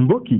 mbokk yi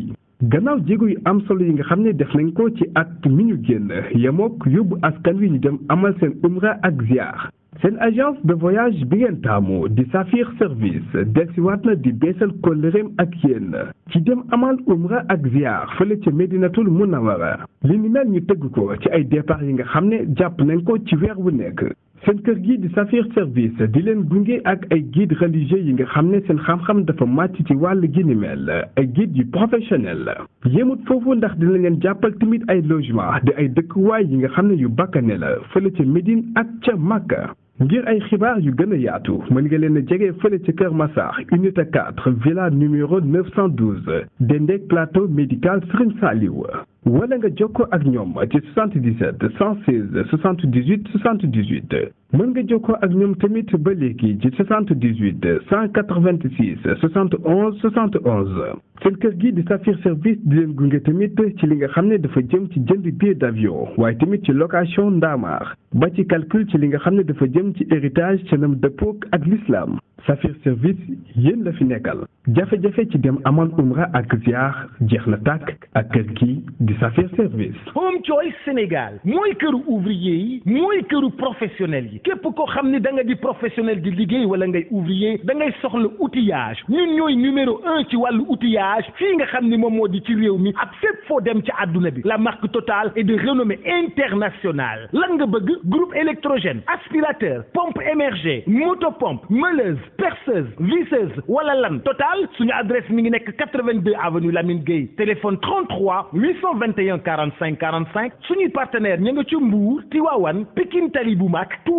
gannaaw jéego yu am solo yi nga xam ne def nañ ko ci at mi ñu génn yemook yóbbu askan wi ñu dem amal seen umra ak ziar seen agence de voyage bi ngeen taamu di Safir service delsiwaat na di beesal kóllëreem ak yéen ci dem amal umra ak ziar fële ca Medinatul Munawara li ni mel ñu tëgg ko ci ay départ yi nga xam ne jàpp nañ ko ci weer wu nekk seen kër gi di Saphir Service di leen gunge ak ay guide religieux yi nga xam ne seen xam-xam dafa màcc ci wàll gi ni mel ay guide yu professionnel yéemut foofu ndax di dina leen jàppal tamit ay logement di ay dëkkuwaay yi nga xam ne yu bakkane la fële ca Médine ak ca Makka ngir ay xibaar yu gën a yaatu mën nga leen a jege fële ca Kër Massar unité 4 villa numéro 912 dendeek plateau médical Serigne Saliou wala nga jokkoo ak ñoom ci 77 116 78 78 mën nga jokkoo ak ñoom tamit ba léegi ci 78 186 71 71 seen kër gi di Saphir service di leen gunge tamit ci li nga xam ne dafa jëm ci jënd billet d'avion waaye tamit ci location ndaamaar ba ci calcul ci li nga xam ne dafa jëm ci héritage ca nam dëppoog ak l'islam Saphir service yéen la fi nekkal jafe-jafe ci dem amal umra ak ziar jeex na tàkk ak kër gi di Saphir service. Home Choice Sénégal mooy këru ouvrier yi mooy këru professionnel yi. képp koo xam ni da nga di professionnel di liggéey wala ngay ouvrier da ngay soxla outillage ñun ñooy numéro un ci wàllu outillage fii nga xam ni moom moo di ci réew mi ak fépp foo dem ci adduna bi la marque Total est de renommée internationale lan nga bëgg groupe électrogène aspirateur pompe émergée motopompe meuleuse perceuse visseuse wala lan Total suñu adresse mi ngi nekk 82 avenue Lamine Gueye téléphone 33 821 45 45 suñuy partenaire ña nga ci Mbour Tivaouane Pikine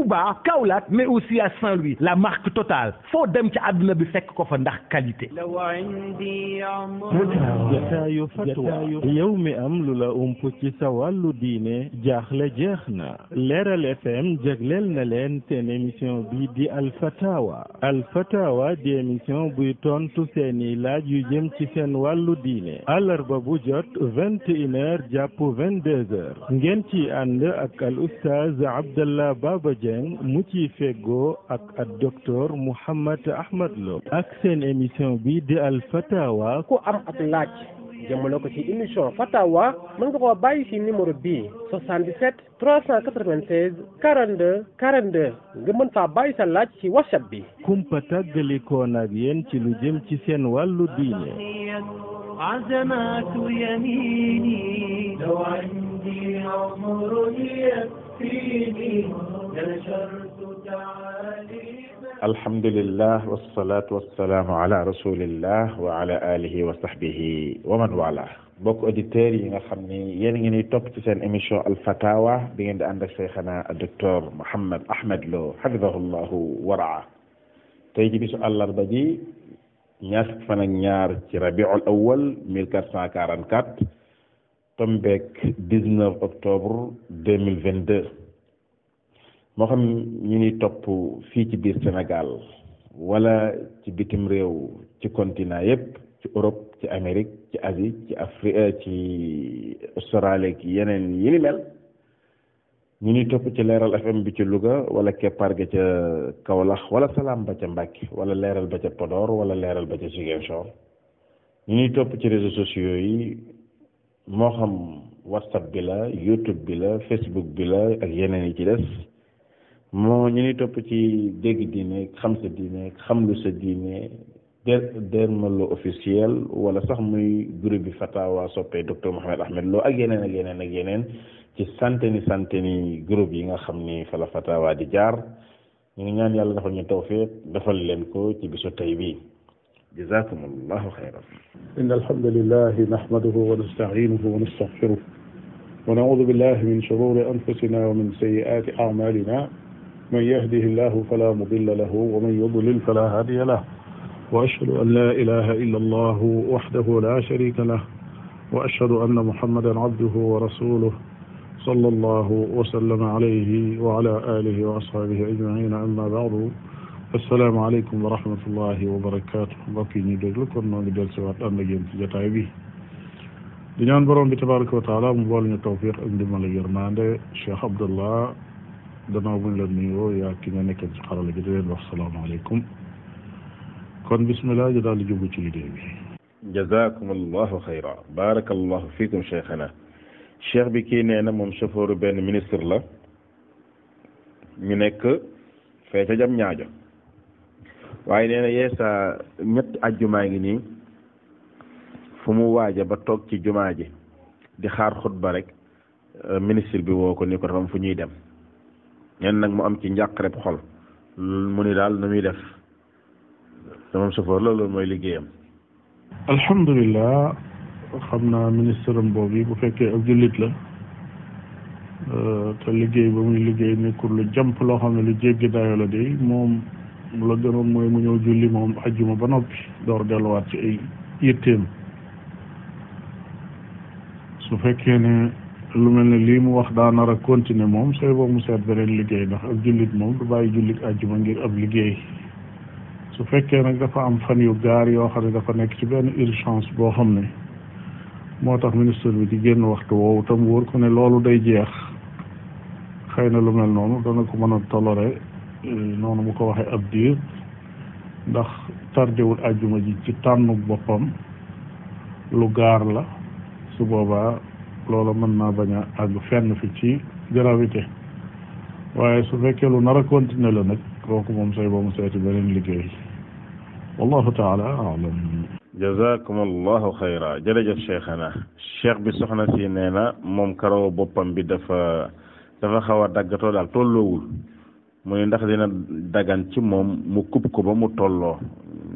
Touba Kaolack mais aussi à saint la marque Total foo dem ci àdduna bi fekk ko fa ndax qualité jataayu fatwa yow mi am lu la ump ci sa wàllu diine jaaxle jeex na leeral fm jagleel na leen seen émission bi di alfatawa alfatawa di émission buy tontu seeni laaj yu jëm ci seen wàllu diine àllarba bu jot vingt et une heures jàpp ngeen ci ànd ak al oustaz Abdallah Baba Dieng mu ci feggoo ak ak docteur Mouhammad Ahmad Lo ak seen émission bi di al fatawa ku am ak laaj jëmale ko ci émission fatawa mën nga koo bàyyi ci numéro bii nga mën faa bàyyi sa laaj ci whatsapp bi kumpa tàggalikoon ak yéen ci lu jëm ci seen wàllu diine عزمات alhamdulillah wasalaatu wasalaamu ala rasulillah wa ala alihi wa sahbihi wa man wala mbokk auditeurs yi nga xam ni yéen ngi ni topp ci seen émission alfatawa bi ngeen di ànd ak seyxana docteur Mouhammad Ahmad Lo hafidahullahu waraa tey ji bisu àllarba ji ñaar fukki fan ak ñaar ci rabiul awal mille quatre cent quarante quatre tombeek dix neuf octobre deux mille vingt deux moo xam ñu ni topp fii ci biir senegal wala ci bitim réew ci continent yépp ci Europe ci Amérique ci Asie ci Afrique euh, ci Australie ki yeneen yi ni mel ñu ni topp ci leeral FM bi ci Louga wala keppaar ga ca kawlax wala salaam ba ca Mbàkke wala leeral ba ca Podor wala leeral ba ca Ziguinchor ñu ni topp ci réseaux sociaux yi moo xam WhatsApp bi la YouTube bi la Facebook bi la ak yeneen yi ci des moo ñu ni topp ci dégg diine xam sa diine xam lu sa diine dermal lo officiel wala sax muy groupe bi fatawa soppee docteur Mohamed Ahmed loo ak yeneen ak yeneen ak yeneen ci santeni santeni groupe yi nga xam ni fala fatawa di jaar ñu ñaan yàlla defal ñu tawfiq defal leen ko ci bisu tey bi jazakumullahu xayran inna alhamdulillahi nahmaduhu wa nasta'inuhu wa nastaghfiruh wa na'udhu billahi min shururi anfusina wa min sayyiati a'malina من يهده الله فلا مضل له ومن يضلل فلا هادي له وأشهد أن لا إله إلا الله وحده لا شريك له وأشهد أن محمدا عبده ورسوله صلى الله وسلم عليه وعلى آله وأصحابه أجمعين أما بعد assalaamu aleykum wa rahmatullahi wa barakaatu mbokk yi ñuy déglu kon noo ngi del siwaat ànd ak yéen ci jotaay bi di ñaan borom bi tabaraka wa taala mu boole ñu tawfiq ak ndimbal yërmande Cheikh Abdallah danoo buñ la nuyoo yaa ki nga nekkee ci xarala gi di leen wax salaamaaleykum kon bisimilah ñu daal di jublu ci liggéey bi. jazakum allahu xayra baarakallahu fiikum cheikhana bi kii nee na moom chauffeur benn ministre la ñu nekk fee ca jam ñaajo waaye nee na yeesa ñetti ajjumaa ngi nii fu mu waaja ba toog ci jumaa ji di xaar xutba rek ministre bi woo ko ni ko dafa fu ñuy dem ñenn nag mu am ci njàqareb xol mu ni daal nu muy def sama chauffeur la loolu mooy liggéeyam alhamdulilah xam naa ministre am boobu bu fekkee a jullit la te liggéey ba muy liggéey nekkul lu jàmp loo xam ne lu jéggi dayo la de la gënoon mooy mu ñëw julli moom ajjuma ba noppi door delluwaat ci ay su fekkee ne lu mel ne lii mu wax daa nar a continuer moom sooy boobu mu seet beneen liggéey ndax ab jullit moom du bàyyi jullit àjjuma ngir ab liggéey su fekkee nag dafa am fan yu gaar yoo xam ne dafa nekk ci benn urgence boo xam ne moo tax ministre bi di génn waxtu woowu tam wóor ko ne loolu day jeex xëy na lu mel noonu dana ko mën a toléré eh, noonu mu ko waxee ab diir ndax tardewul àjjuma ji ci tànnu boppam lu gaar la su boobaa loola mën naa bañ a àgg fenn fi ci gravité waaye su fekkee lu nar a continuer la nag kooku moom sooy ba mu seeti beneen liggéey wallahu taala alam jazakum allahu xayra jërëjëf cheikhana cheikh soxna si nee na moom karaw boppam bi dafa dafa xaw a daggatoo daal tolloowul mu ne ndax dina dagan ci moom mu kub ko ba mu tolloo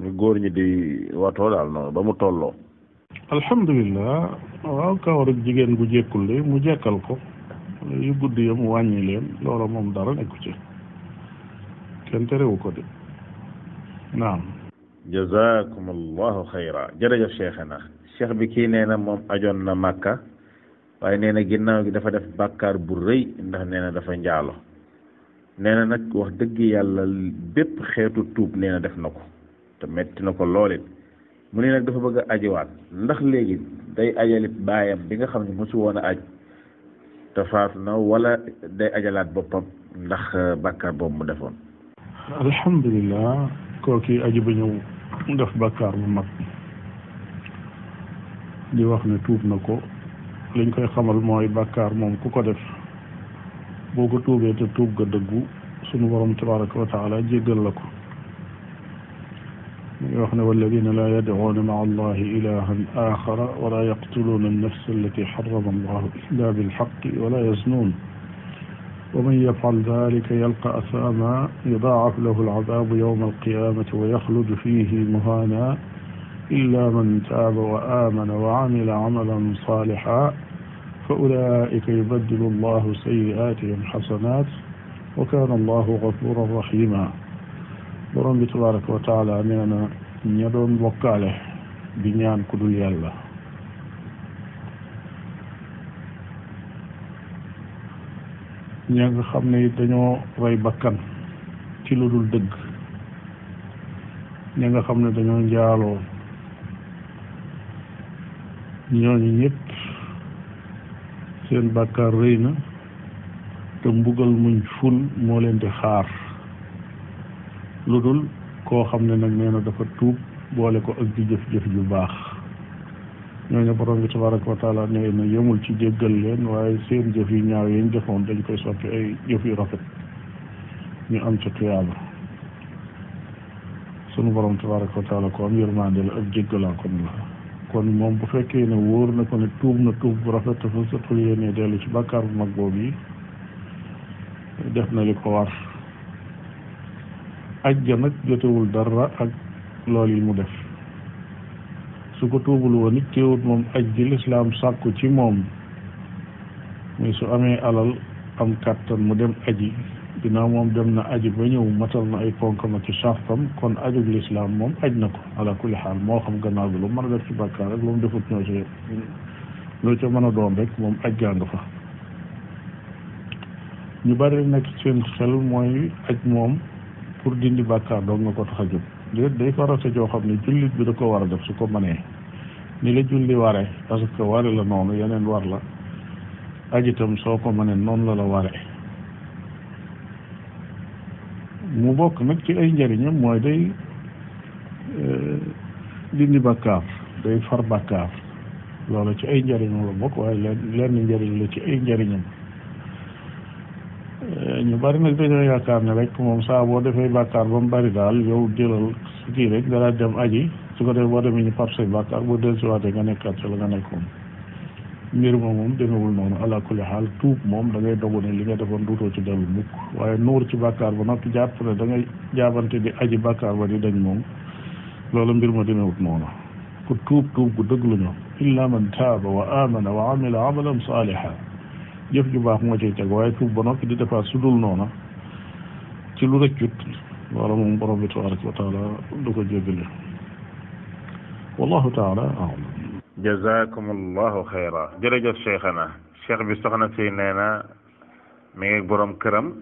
mu góor ñi di watoo daal noonu ba mu tolloo alhamdulilah waaw kawaru jigéen gu jekkul de mu jekkal ko yu gudd ya mu wàññi leen loola moom dara nekku ci kenn terewu ko de naam jazakum allahu xayra jërëjëf cheikhana cheikh bi kii nee na moom ajoon na màkka waaye nee na ginnaaw gi dafa def bàkkaar bu rëy ndax nee na dafa njaalo nee na nag wax dëgg yàlla bépp xeetu tuub nee na def na ko te metti na ko loolit mu ne nag dafa bëgg a ajiwaat ndax léegi day ajali baayam bi nga xam ne mosu woon a aj te faatu na wala day ajalaat boppam ndax euh, bàkkaar boobu mu defoon alhamdulilah kooki aji ba ñëw def bàkkaar bu mag di wax ni tuub na ko liñ koy xamal mooy bàkkaar moom ku ko def boo ko tuubee te tuub ga dëggu sunu borom tabaraka wa taala jéggal la ko ñu wax ne walladina laa yadcuuna maca allahi ilahan axara wala yaqtuluuna annafsa allati xarama allahu illa bilxaqi wala yasnuun wa man yafcal dalika yalqa asaama yudaacaf lahu alcadaabu yowma alqiyamati wa yaxlud fihi muhaana illa man taaba wa aamana wa camila camalan saalixa fa ulaika yubaddilu allahu sayi'aatihim xasanaat wa kaana allahu gafuuran raxiima borom bi tabaraka wa taala na ña doon bokkaale di ñaan ku dul yàlla ña nga xam ne dañoo rey bakkan ci lu dul dëgg ña nga xam ne dañoo njaaloo ñooñu ñëpp seen bàkkaar rëy na te mbugal muñ ful moo leen di xaar lu dul koo xam ne nag nee na dafa tuub boole ko ak di jëf-jëf ju baax ñooñu borom bi tabaraka wa taala nee na yemul ci jéggal leen waaye seen jëf yu ñaaw yi ñu defoon dañ koy soppi ay jëf yu rafet ñu am ca tuyaaba sunu borom tabaraka wa ko am yërmande la ak jéggalaa kon la kon moom bu fekkee ne wóor na ko ne tuub na tuub bu rafet dafa sëtul yéene dellu ci bàkkaar bu mag boobu yi def na li ko war aj ajja nag jotewul dara ak lool yi mu def su ko tuubul woon it teewut moom aj ji lislaam sàkku ci moom mais su amee alal am kàttan mu dem aji ginnaaw moom dem na aj ba ñëw matal na ay ponkama ci sartam kon ajug lislaam moom aj na ko ala kulli xaal moo xam gannaaw bi lu mën ci bàkkaar rek lu mu defut ñoo mën a doon rek moom aj gaa fa ñu bari nekk seen xel mooy aj moom pour dindi bàkkaar doom nga ko tax a jóg déet day farata joo xam ne jullit bi da ko war a def su ko mënee ni la julli ware parce que ware la noonu yeneen war la aj itam soo ko mënee noonu la la ware mu bokk nag ci ay njëriñam mooy day euh, dindi bàkkaar day far bàkkaar loolu ci ay njëriñam la bokk waaye lenn lenn njëriñ la ci ay njëriñam ñu bari nag dañoo yaakaar ne rek moom saaboo boo defee bàkkaar ba mu bari daal yow jëlal su rek dara dem aji su ko defee boo demee ñu fab say bàkkaar boo dellusiwaatee nga nekkaat sa la nga nekkoon mbir ma moom demewul noonu ala kulli xaal tuub moom da ngay dogu ne li nga defoon duutoo ci dellu mukk waaye nuur ci bàkkaar ba noppi jàpp ne da ngay jaabante di aji bàkkaar ba di dañ moom loolu mbir ma demewut noonu ku tuub tuub gu dëgg lu ñu illa man taaba wa amana wa amila amalan saaliha jëf ju baax moo ciy teg ba noppi di defaat su dul noona ci lu rëccut loolu moom borom bi tabaraka wa taala du ko jéggale wallahu taala alam jazakum allahu xayra jërëjëf cheikhana cheikh bi soxna si nee na mi boroom këram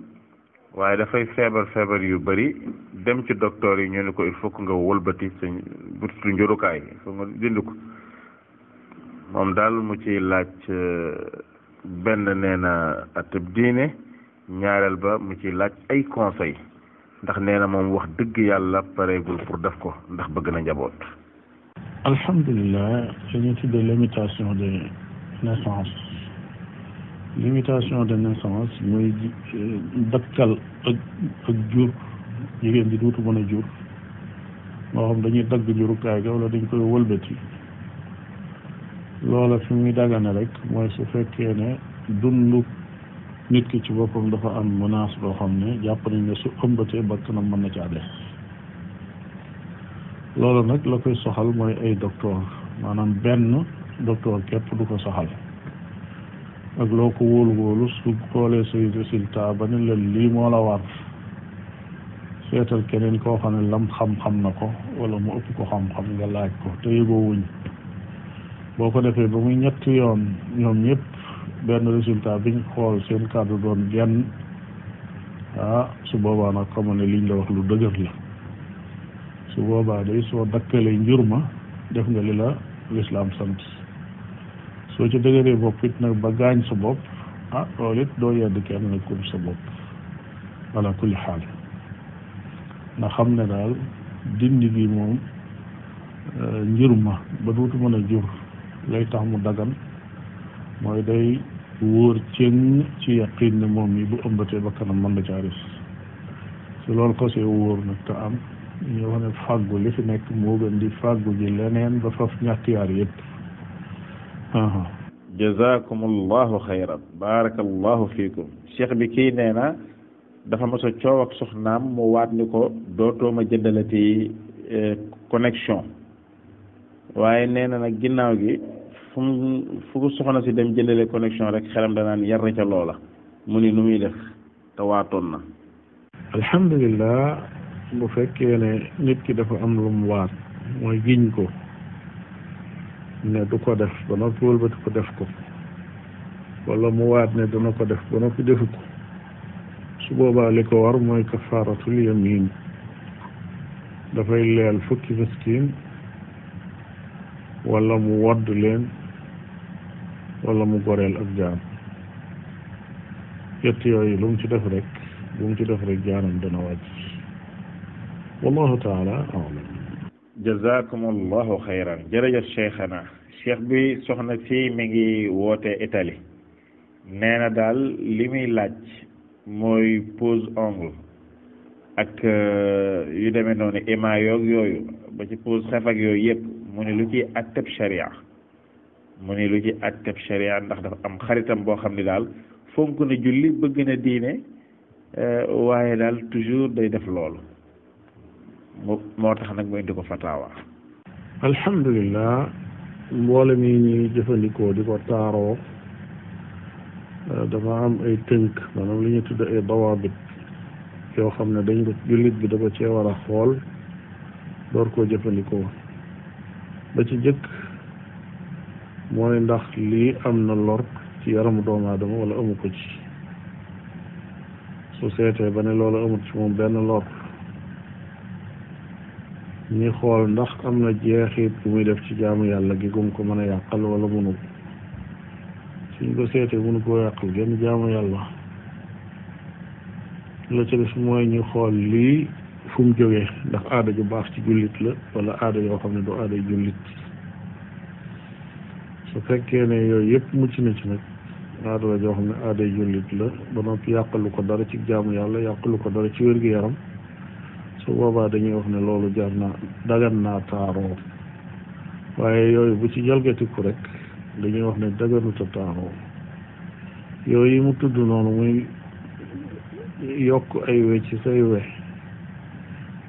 waaye dafay feebar feebar yu bëri dem ci docteur yi ñu ne ko il faut que nga wëlbati sa njurukaay ko moom daal mu ciy laaj benn nee na atub diine ñaareel ba mu ci laaj ay conseil ndax nee na moom wax dëgg yàlla pareegul pour def ko ndax bëgg na njaboot. alhamdulilah li ñu tuddee limitation de naissance limitation de naissance mooy euh, dakkal ak ak jur jigéen ji dootu mën a jur moo xam dañuy dagg jurukaay ga wala dañ koy wëlbati. loola fi muy dagana rek mooy su fekkee ne dundu nit ki ci boppam dafa am menace boo xam ne jàpp nañ ne su ëmbatee bakkanam mën na caa dee loolu nag la koy soxal mooy ay docteur maanaam benn docteur képp du ko soxal ak loo ko wóolu wóolu su xoolee say résultat ba ne la lii moo la war seetal keneen koo xam ne lam xam-xam na ko wala mu ëpp ko xam-xam nga laaj ko te yëgoo wuñ boo ko defee ba muy ñetti yoon ñoom ñëpp benn résultat biñ xool seen kàddu doon genn ah su boobaa nag xamal ne liñ la wax lu dëgër la su boobaa day soo dakkalee njur ma def nga li la lislaam sant soo ci dëgëree bopp nag ba gaañ sa bopp ah loolu it doo yedd kenn nag kum sa bopp ala kulli xaal na xam ne daal dindi gi moom eh, njur ma ba dootu mën a jur lay tax mu dagan mooy day wóor cëng ci yaqin ne moom mi bu ëmbatee ba kanam mën na caa res su ko see wóor nag te am ñu wax ne fàggu li fi nekk moo gën di fàggu ji leneen ba faf ñàkk yaar yëpp jazakum allahu xayran barakallahu fiikum cheikh bi kii nee na dafa mos a coow ak soxnaam mu waat ni ko dootoo ma jëndalati eh, connexion waaye nee na nag ginnaaw gi fu mu fu ko soxna si dem jëndale connexion rek xelam danaan yar ca loola mu ni nu muy def te waatoon na alhamdulilah bu fekkee ne nit ki dafa am lu mu waat mooy giñ ko ne du ko def ba noppi wëlbati ko def ko wala mu waat ne dana ko def ba noppi defu ko su boobaa li ko war mooy kafaaratul yamin dafay leel fukki miskin wala mu wadd leen wala mu goreel ak jaan yett yooyu lu mu ci def rek lu mu ci def rek jaanam dana wàcc wallahu taala alam jazakum allahu xayran jërëjëf cheikhana cheikh bi soxna si mi ngi woote itali nee daal li muy laaj mooy pose ongle ak euh, yu demee noonu émail yoog yooyu ba ci pose xef ak yooyu yëpp mu ne lu ci atteb sharia mu ne lu ci atteb sharia ndax dafa am xaritam boo xam ne daal fonk na julli bëgg na diine euh, waaye daal toujours day def loolu moo tax nag mu indi ko fataawa alhamdulilah mboole mi ñuy jëfandikoo di ko taaroo euh, dafa am ay tënk maanaam li ñu tudd ay dawaabit yoo xam ne dañ ko jullit bi da ko cee war a xool door koo jëfandikoo ba ci jëkk mooy ndax lii am na lor ci yaramu doomu aadama wala amu ko ci su seetee ba ne loolu amut ci moom benn lor ñi xool ndax am na jeexit bu muy def ci jaamu yàlla gi gum ko mën a yàqal wala munu suñ ko seetee munu koo yàqal genn jaamu yàlla la ca def mooy ñu xool lii fu mu jógee ndax aada ju baax ci jullit la wala aada yoo xam ne du aada jullit su fekkee ne yooyu yëpp mucc na ci nag aada joo xam ne aada jullit la ba noppi yàqalu ko dara ci jàmm yàlla yàqalu ko dara ci wér-gu-yaram su boobaa dañuy wax ne loolu jar naa dagan naa taaroo waaye yooyu bu ci jalgatiku rek dañuy wax ne daganuta taaroo yooyu mu tudd noonu muy yokk ay we ci say we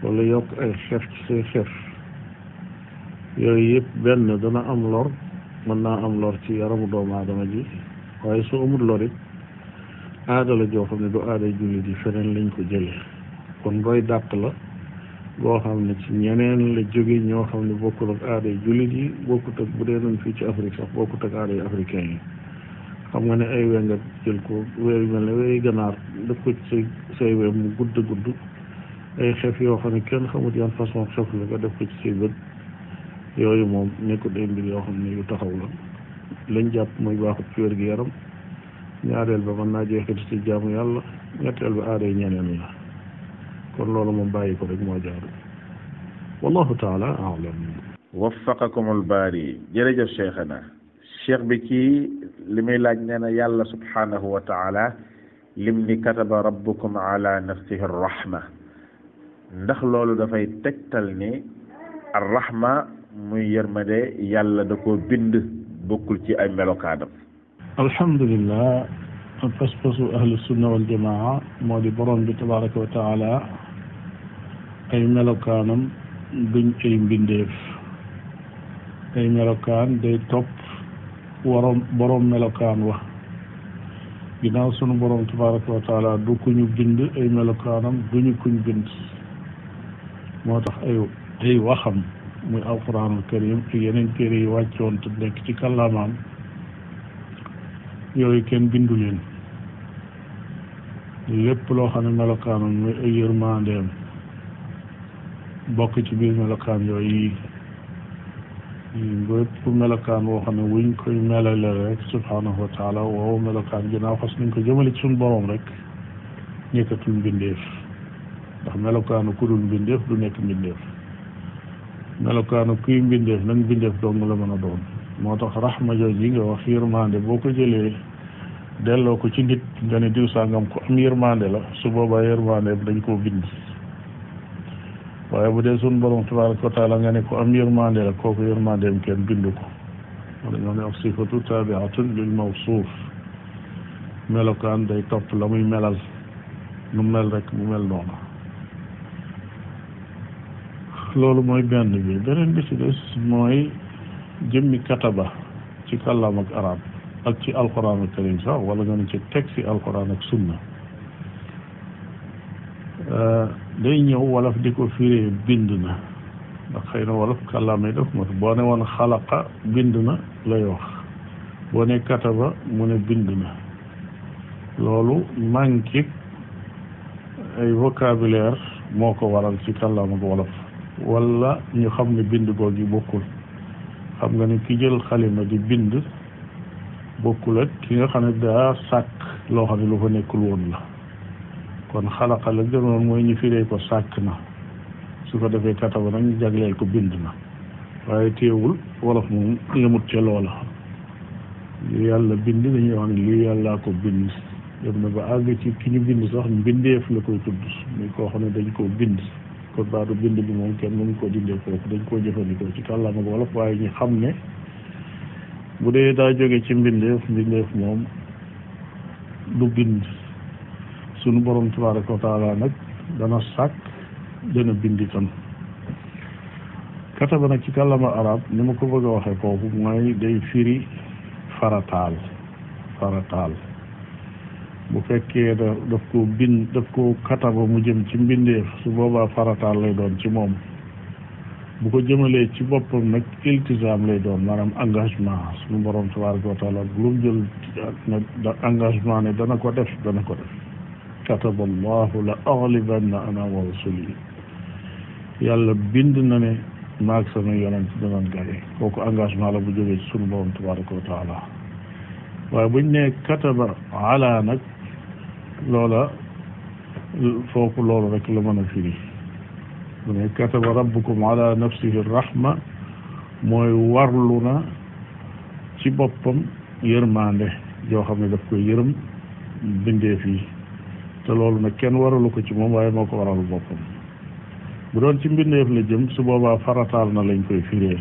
wala yokk ay xef ci say xef yooyu yëpp benn dana am lor mën naa am lor ci yaramu doomu adama ji waaye su amul lor it joo xam ne du aaday jullit yi feneen lañ ko jële kon roy dàq la boo xam ne ci ñeneen la jóge ñoo xam ne bokkul ak aaday jullit yi bokkut ak bu dee nañ fii ci Afrique sax bokkut ak aaday africain yi xam nga ne ay we nga jël ko weer yu mel ne weeri ganaar def ko ci say we mu gudd gudd ay xef yoo xam ne kenn xamut yan façon xef la nga def ko ci say bët yooyu moom nekkul ay mbir yoo xam ne yu taxaw la lañ jàpp mooy baaxut ci wér gi yaram ñaareel ba mën naa jeexit ci jaamu yàlla ñetteel ba aada yi ñeneen la kon loolu moom bàyyi ko rek moo jaaru wallahu taala alam waffaqakum albaari jërëjëf cheikhana cheikh bi kii li muy laaj nee na yàlla subhanahu wa taala lim ni kataba rabbukum ala nafsihi rahma ndax loolu dafay tegtal ni arrahma muy yërmande yàlla da ko bind bokkul ci ay melokaanam alhamdulilah paspasu ahlu sunna wal jamaa moo di borom bi tabaraka wa taala ay melokaanam duñ ay mbindeef ay melokaan day topp waroom borom melokaan wa ginnaaw sunu borom tabaraka wa taala du kuñu bind ay melokaanam duñu kuñ bind moo tax ay ay waxam muy alquranul karim ak yeneen kër yi wàccoon te nekk ci kàllaamaam yooyu kenn bindu leen lépp loo xam ne melokaanam muy ay yërmandeem bokk ci biir melokaan yooyu yi bépp melokaan woo xam ne wuñ koy melale rek subhanahu wa taala woow melokaan ginnaaw xas nañ ko jëmale ci suñu borom rek nekkatul mbindeef ndax melokaanu ku dul mbindeef du nekk mbindeef melokaanu kuy mbindeef nag mbindeef dong la mën a doon moo tax ma jooju yi nga wax yërmande boo ko jëlee delloo ko ci nit nga ne diw sàngam ko am yërmande la su boobaa dañ koo bind bu dee sun borom tabaraka wa taala nga ne am yërmande la kooku yërmandeem kenn bindu ko wala ñoo ne ak sifatu tabiatun lil mawsuuf melokaan day topp la muy melal nu mel rek mu mel noona loolu mooy benn bi beneen bi ci des mooy jëmmi kataba ci kàllaam ak ak ci alquran ak karim sax wala nga ne ci texte alquran ak sunna euh, day ñëw wolof di ko firee bind na ndax xëy na wolof kàllaama yi def mot bind na lay wax boo ne kataba mu loolu manqué ay vocabulaire moo ko waral ci kàllaama wolof wala ñu xam ne bind googu bokkul xam nga ni ki jël xalima di bind bokkul ak ki nga xam ne daa sàkk loo xam ne lu fa nekkul woon la kon xalaqa la mooy ñu firee ko sàkk na su ko defee kataba nag ñu jagleel ko bind na waaye teewul wolof moom yemut ca loola bind dañuy wax ne lii yàllaa ko na ba àgg ci ki ñu bind sax mbindeef la koy tudd muy koo xam ne dañ koo bind kon baatu bind bi moom kenn mënu koo dindee foofu dañ koo jëfandikoo ci kàllaama wolof waaye ñu xam ne bu dee daa jóge ci mbindeef mbindeef moom du bind sunu borom tabaraka wa taala nag dana sàkk dana bind itam kataba nag ci kàllaama arab ni ma ko bëgg a waxee kooku mooy day firi farataal farataal bu fekkee da daf ko bind daf ko kataba mu jëm ci mbindeef su boobaa farataal lay doon ci moom bu ko jëmalee ci boppam nag iltisaam lay doon maanaam engagement suñu boroom tabaraka wa taala lu mu jël engagement ne dana ko def dana ko def la aghlibanna ana wa rusuli bind na ne maag sama yonent danañ gaye kooku engagement la bu jógee ci suñu borom tabaraka wa taala waaye buñ ne kataba ala nag loola foofu loolu rek la mën a firi mu ne kataba rabbukum ala na ci boppam yërmande yoo xam ne daf koy yërëm bindeef yi te loolu nag kenn waralu ko ci moom waaye moo ko waralu boppam bu doon ci mbindeef la jëm su boobaa farataal na lañ koy firee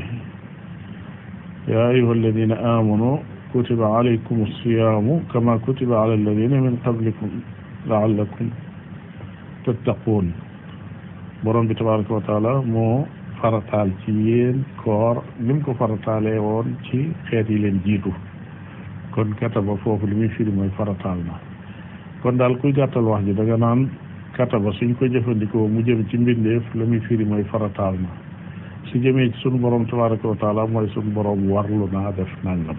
yaa ayuha alladina amanu kutiba alaykum siyaamu kama kutiba ala alladina min qablikum laallakum tattaquun bi tabaraka moo farataal ci yéen koor mu ko farataalee ci xeet yi leen jiitu kon kataba foofu li muy firi mooy farataal na kon daal kuy gàttal wax ji da nga naan kataba suñ ko jëfandikoo mu jëm ci mbindeef la muy firi mooy farataal na su jëmee ci sunu borom tabaraka wa taala mooy sunu borom warlu naa def nangam.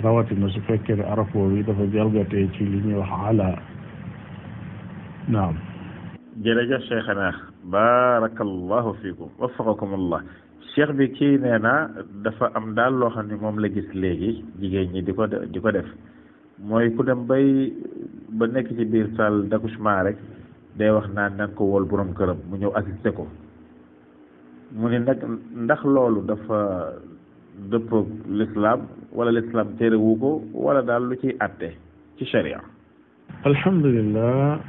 rawatina su fekkee ne araf woowu yi dafa jalgatee ci li ñuy wax ala naam jërëjëf cheikhana baarakallahu fiikum waffaqakum allah cheikh bi kii nee na dafa am daal loo xam ne moom la gis léegi jigéen ñi di ko di ko def mooy ku dem bay ba nekk ci biir salle d'accouchement rek day wax naa na ko wool borom këram mu ñëw assisté ko mu ni nag ndax loolu dafa dëppoog l'islam wala l'islam terewu ko wala daal lu ciy atte ci sharia alhamdulilah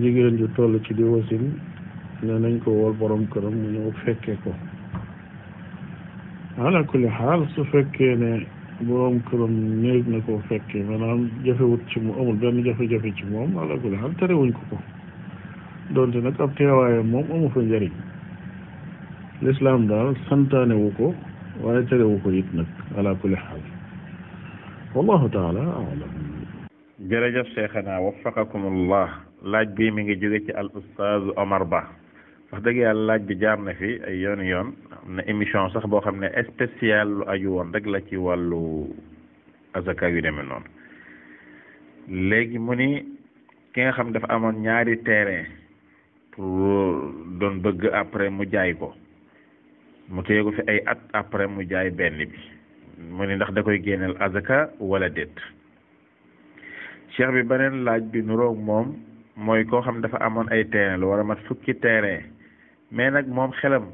jigéen ju toll ci di wasin ne nañ ko wol boroom këram mu ñëw fekkee ko ala kulli xaal su fekkee ne borom këram ñëw na koo fekkee maanaam jafewut ci mu amul benn jafe-jafe ci moom ala kulli xaal terewuñ ko ko doonte nag ab teewaayam moom amu fa njëriñ lislaam daal santaane ko waaye tere wu ko it nag ala kulli xaal wallahu alam jërëjëf cheikhana waffaqakum laaj bi mi ngi jóge ci al ustaaz Omar Ba wax dëgg yàlla laaj bi jaar na fi ay yoon yoon am na émission sax boo xam ne spécial aju woon rek la ci wàllu azaka yu demee noonu léegi mu ni ki nga xam dafa amoon ñaari terrain pour doon bëgg après mu jaay ko mu téye ko fi ay at après mu jaay benn bi mu ni ndax da koy génneel azaka wala déet cheikh bi beneen laaj bi nuroog moom mooy koo xam dafa amoon ay terrain lu war a mat fukki terrain mais nag moom xelam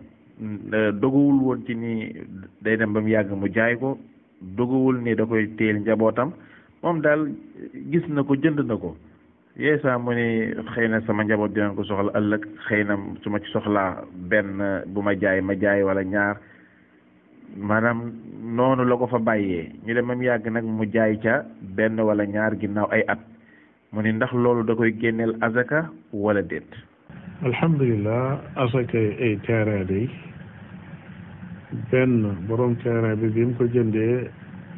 euh, doguwul woon ci nii day dem ba mu yàgg mu jaay ko doguwul nii da koy téel njabootam moom daal gis na ko jënd na ko yeesa ah, mu ni xëy na sama njaboot dinañ ko soxla ëllëg xëy na su ma ci soxlaa benn bu ma jaay ma jaay wala ñaar maanaam noonu la ko fa bàyyee ñu dem mam yàgg nag mu jaay ca benn wala ñaar ginnaaw ay at mu ni ndax loolu da koy génneel azaka wala déet alhamdulilah azaka ay terrain day benn borom terrain bi bi mu ko jëndee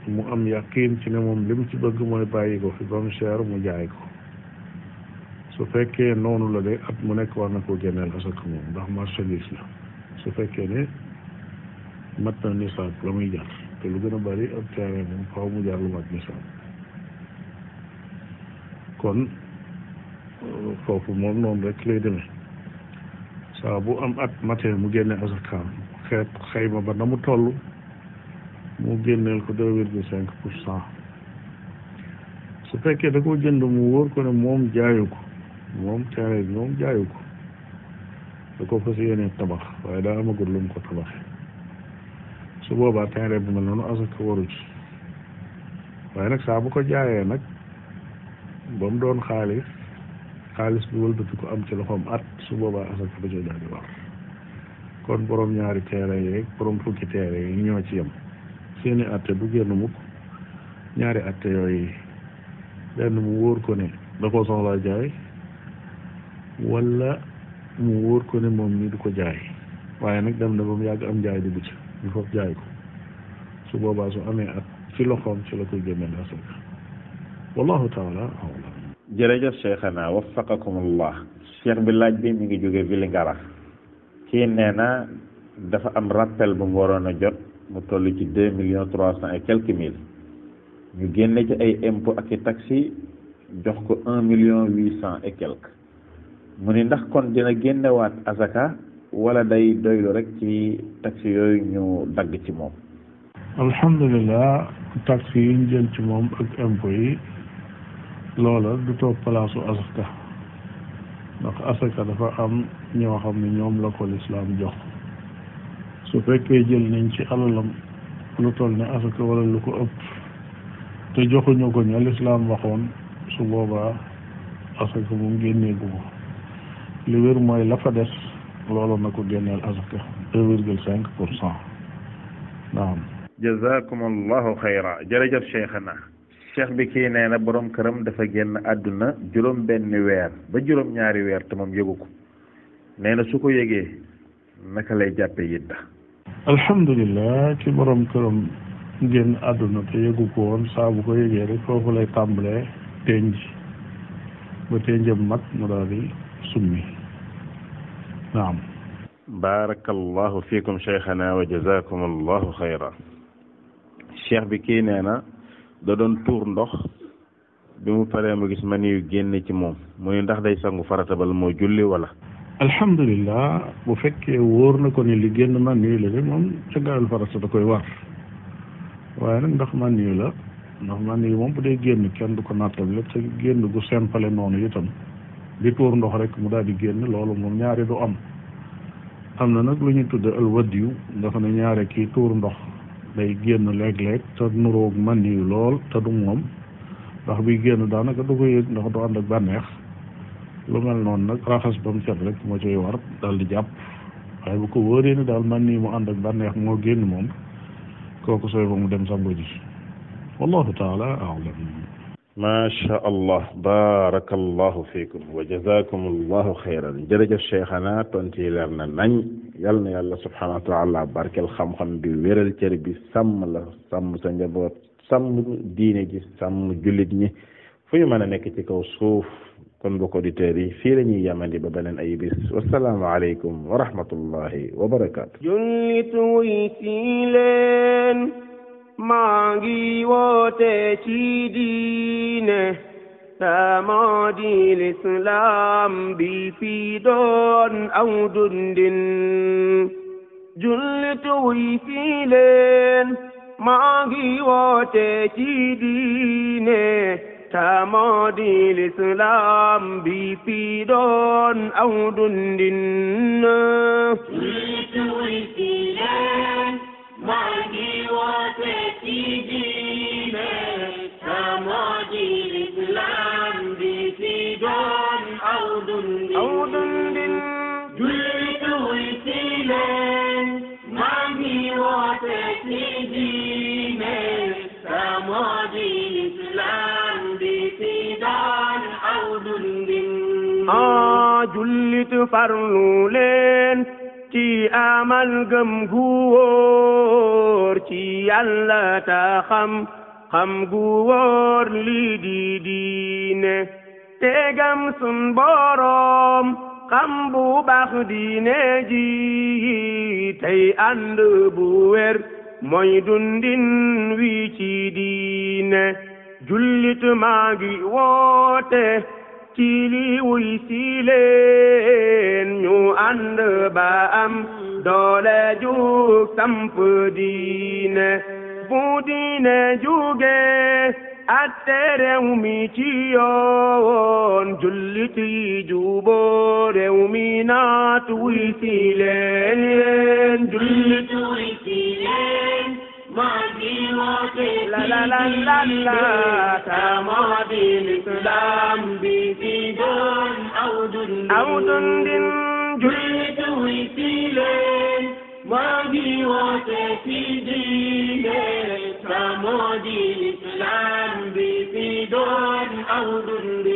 mu am yaqiin ci ne moom li ci bëgg mooy bàyyi ko fi ba mu mu jaay ko su fekkee noonu la de at mu nekk war na koo génneel asaka moom ndax marchandise la su fekkee ne mat na nisaab la muy jar te lu gën a bari ab terrain moom faaw mu jar lu mat nisaab kon foofu moom noonu rek lay demee saa bu am at matee mu génne asakaam xeet xayma ba na mu toll mu génneel ko deux virgule cinq pour cent su fekkee da ko jënd mu wóor ko ne moom jaayu ko moom caare bi moom jaayu ko da ko fas yéene tabax waaye daa amagul lu mu ko tabaxe su boobaa terrain bu mel noonu asaka waru waaye nag saa bu ko jaayee nag ba mu doon xaalis xaalis bi wëlbati ko am ci loxoom at su boobaa asaka da cee daal di war kon borom ñaari terrain yeeg borom fukki terrain yi ñoo ci yem seeni at du génn mukk ñaari atte yooyu benn mu wóor ko ne da ko soxlaa jaay wala mu wóor ko ne moom mii du ko jaay waaye nag dem na ba mu yàgg am jaay dugg ci ñu foofu jaay ko su boobaa su amee ak ci loxoom ci la koy génneel asaka wallahu taala alam jërëjëf cheikhana waffaqakum allah cheikh bi laaj bi mi ngi jóge Vélingara kii nee na dafa am rappel bu mu waroon a jot mu tollu ci deux millions trois cent et quelques mille ñu génne ci ay impôt ak i taxi jox ko un million huit cent et quelques mu ni ndax kon dina génnewaat asaka wala day doylu rek ci taxe yooyu ñu dagg ci moom alhamdulilah taxe yi ñu jël ci moom ak empo yi loola du toog palaasu asaka ndax asaka dafa am ñoo xam ne ñoom la ko lislaam jox su fekkee jël nañ ci alalam lu toll ne asaka wala lu ko ëpp te joxuñu ko ña lislaam waxoon su boobaa asaka moom génneegu ko li wér mooy la fa des loolu na ko génneel azaka deux virgule cinq pour cent naam jazakum allahu xayra jërëjëf cheikhana cheikh bi kii nee na borom këram dafa génn àdduna juróom benn weer ba juróom ñaari weer te moom yëgu ko nee na su ko yëgee naka lay jàppe yidda alhamdulilah ci borom këram génn àdduna te yëgu ko woon saa bu ko yëgee rek foofu lay tàmbalee tenj ba tenjam mat mu daal summi naam baarakallahu fiikum cheikhana wa jazakum allahu xayra cheikh bi kii nee na da doon tuur ndox bi mu paree mu gis man yu génn ci moom mu ne ndax day sangu farata bala moo julli wala alhamdulilah bu fekkee wóor na ko ne li génn man yu la de moom ca farata da koy war waaye nag ndax man yu la ndax man yu moom bu dee génn kenn du ko nattab lépp te génn gu sempale noonu itam di tuur ndox rek mu daal di génn loolu moom ñaari du am am na nag lu ñu tudde alwadiyu nga xam ne ñaare kii tuur ndox day génn léeg-léeg te nuroog man yu lool te du moom ndax bi génn daanaka du ko yëg ndax du ànd ak bànneex lu mel noon nag raxas ba mu set rek moo ciy war daal di jàpp waaye bu ko wóoree ni daal man nii mu ànd ak bànneex moo génn moom kooku sooy ba mu dem sango ji wallahu taala aalam macha allah barakallahu fiikum wa jazakum allahu xayran jërëjëf cheikhana tontu yi leer na nañ yal na yàlla subhanahu wa taala barkel xam-xam bi wéral cër bi sàmm la sàmm sa njaboot sàmm diine ji sàmm jullit ñi fu ñu mën a nekk ci kaw suuf kon bokk auditeurs yi fii la ñuy yamandi ba beneen ay bis wasalaamu aleykum wa rahmatullahi wa barakaatu jullit wuy si leen maa ngi woote ci diine ta moo di lislaam bi fi aw dundin jullitu yi fi leen maa ngi ci diine ta moo di lislaam bi fi aw dundin jullitu Margi watetijine Samadi l'Islam bi Sidon aw dundin aw dundin Jullitu wisilen Margi watetijine Samadi l'Islam bi Sidon aw dundin Ah jullit farlu leen ci amal gëm gu ci yàlla ta xam xam gu wóor lii di diine te gëm sun boroom xam bu baax diine ji tey ànd bu wér mooy dundin wi ci diine jullit maa woote ci wuy si leen ñu ànd ba am doole jug samp diine bu diine jugee atte réew mi ci yoon jullit yi juboo réew naat wuy jullit wuy la la la la la تماض الإسلام بفيد أو جند أو جند جريت وسيلين ماضي وتفيدين تماض الإسلام بفيد أو جند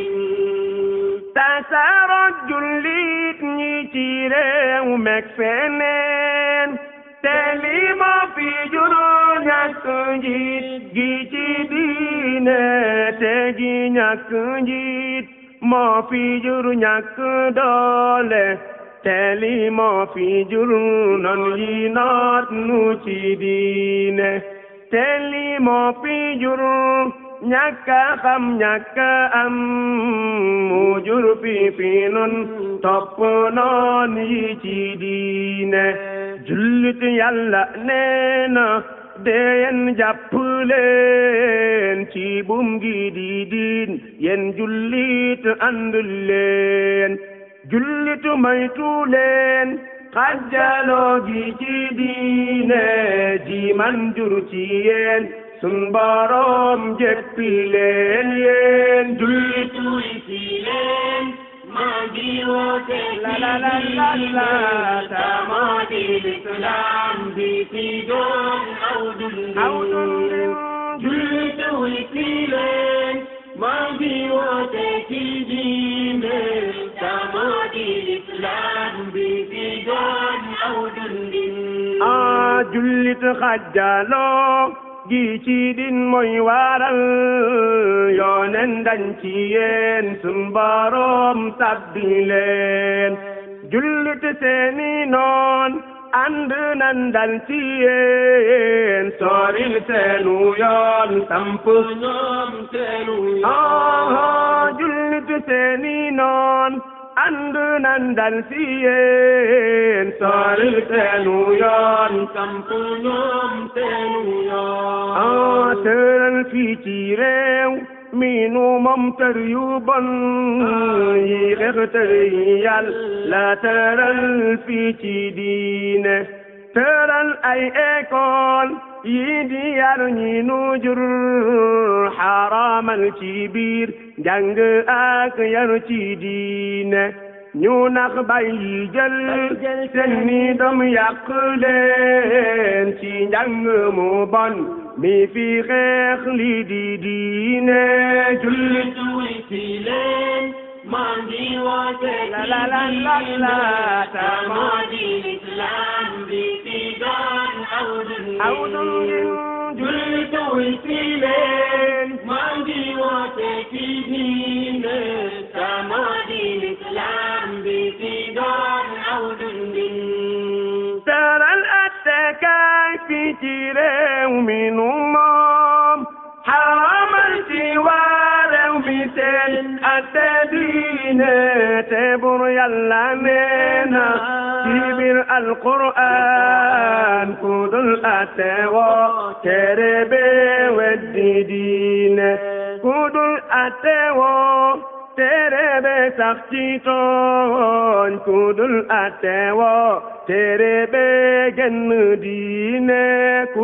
tasaaroo jullit ñi ci réew meeg feneen te li fi juróom ñàkk njiit gi ci diine te gi ñàkk njiit moo fi jur ñàkk doole te moo fi jur non yi noot nu ci diine te moo fi jur ñàkk a xam ñàkk mu jur fi fi nun topp noon yi ci diine jullit yàlla nee na dee yen jàpp leen ci bum gi di diin yen jullit ànd leen jullit maytu leen xajjaloo ci diine ji man jur ci yeen sun boroom jéppi leen yeen jullit yi ci leen maadi woote la la la la la tamaadi lislaam bi fi doon aw dund aw dund jullit wi fi leen maadi woote ci diine tamaadi lislaam bi fi doon aw dund ah jullit xajaloo gi ci din mooy waral yoonen dañ ci yéen sun boroom sabbi leen jullit seeni noon ànd nan dal ci yéen soril seenu yoon samp seenu yoon jullit seeni noon ànd nan dal si yéen teenu yoon sampu ñoom teenu yoon ah tëral fii ci réew mi nu moom tër yu yi xeex tër yi yàlla fii ci diine tëral ay école yi di yar ñi nu jur xaramal ci biir jàng ak yar ci diine ñu nax bàyyi jël seen ni doom yàq leen ci njàng mu bon mi fi xeex li di diine jullit wéti leen maa ngi woote la la la la la aw doon ngeen jullit wuy si leen maa ngi woote ci diine sama diine islam bi si doon aw dundin taral attakaay fi ci réew mi nu moom xaramal ci waa réew mi seen atte diine te bur yàlla nee na biir alquraan ku dul atewoo tere bee weddi diine ku tere bee sax ci tooñ tere bee genn diine ku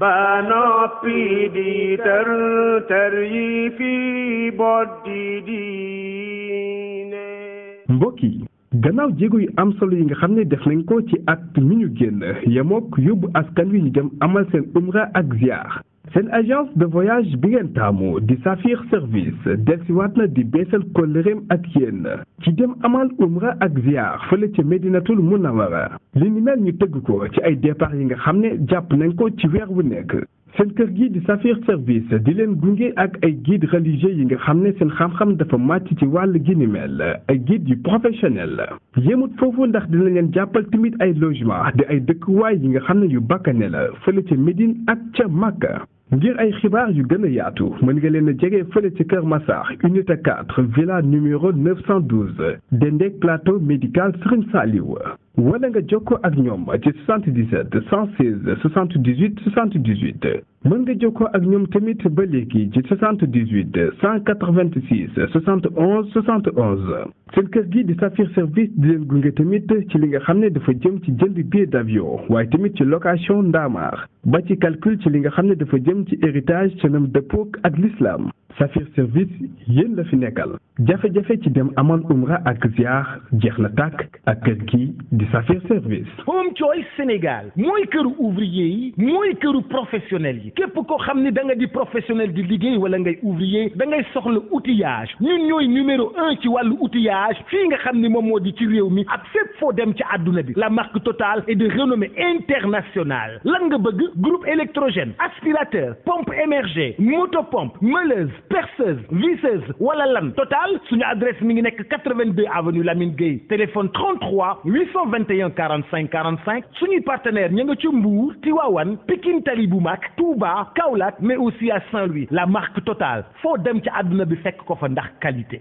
ba noppi di tër tër yi fi boddi diine mbokk yi gannaaw jéego yu am solo yi nga xam ne def nañ ko ci at mi ñu génn yemook yóbbu askan wi ñu dem amal seen umra ak ziar seen agence de voyage bi ngeen taamu di Safir service delsiwaat na di beesal kóllëreem ak yéen ci dem amal umra ak ziar fële ca Medinatul Munawara li ni mel ñu tëgg ko ci ay départ yi nga xam ne jàpp nañ ko ci weer wu nekk seen kër gi di Safir service di leen gunge ak ay guide religieux yi nga xam ne seen xam-xam dafa màcc ci wàll gi ni mel ay guide yu professionnel yéemut foofu ndax dina leen jàppal tamit ay logement di ay dëkkuwaay yi nga xam ne yu bakkane la fële ca Médine ak ca Makka ngir ay xibaar yu gën a yaatu mën nga leen a jege fële ci Kër Massar unité 4 villa numéro 912 dendek plateau médical Serigne Saliou wala nga jokkoo ak ñoom ci 77 116 78 78 mën nga jokkoo ak ñoom tamit ba léegi ci 78 186 71 71 seen kër gi di Saphir service di leen gunge tamit ci li nga xam ne dafa jëm ci jënd billet d'avion waaye tamit ci location ndaamaar ba ci calcul ci li nga xam ne dafa jëm ci héritage ca nam dëppook ak l'islam Safir service yéen la fi nekkal jafe-jafe ci dem aman umra ak ziar jeex na tàkk ak kër gi di Safir service. Home Choice Sénégal mooy kër ouvrier yi mooy këru professionnel yi képp koo xam ni da nga di professionnel di liggéey wala ngay ouvrier dangay soxla outillage ñun ñooy numéro un ci wàllu outillage fii nga xam ni moom moo di ci réew mi ak fépp foo dem ci àdduna bi la marque Total est de renommée internationale lan nga bëgg groupe électrogène aspirateur pompe émergée motopompe meuleuse. perceuse visseuse wala lan total suñu adresse mi ngi nekk 82 la Lamine Gueye téléphone 33 821 45 45 suñuy partenaire ña nga ca Mbour Tiwawan Pikine Talibou Mak Touba Kaolack mais aussi à Saint-Louis la marque Total foo dem ci àdduna bi fekk ko fa ndax qualité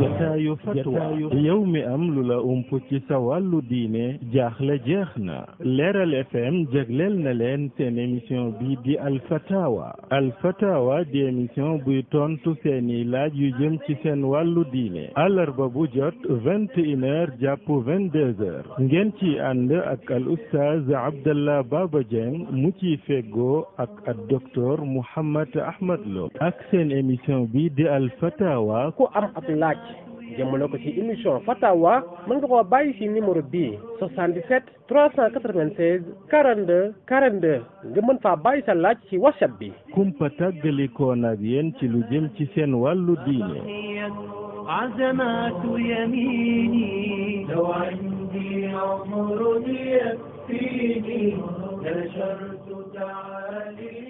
jataayu fatwa yow mi am lu la ump ci sa wàllu diine jaaxle jeex na Leeral FM jégleel na leen seen émission bi di Al Fatawa fatawa di émission buy tontu seeni laaj yu jëm ci seen wàllu diine àllarba bu jot vingt et une heures ngeen ci ànd ak al oustaz Abdallah Baba Dieng mu ciy feggoo ak ak docteur Mouhammad Ahmad Lo ak seen émission bi di al fatawa ku am ab laaj jëmale ko ci émission fatawa mën nga koo bàyyi ci numéro bii 77 396 42 42 nga mën faa bàyyi sa laaj ci whatsapp bi kumpa tàggalikoon ak yéen ci lu jëm ci seen wàllu diine azamatu yamini law indi umrun yakfini la shartu taali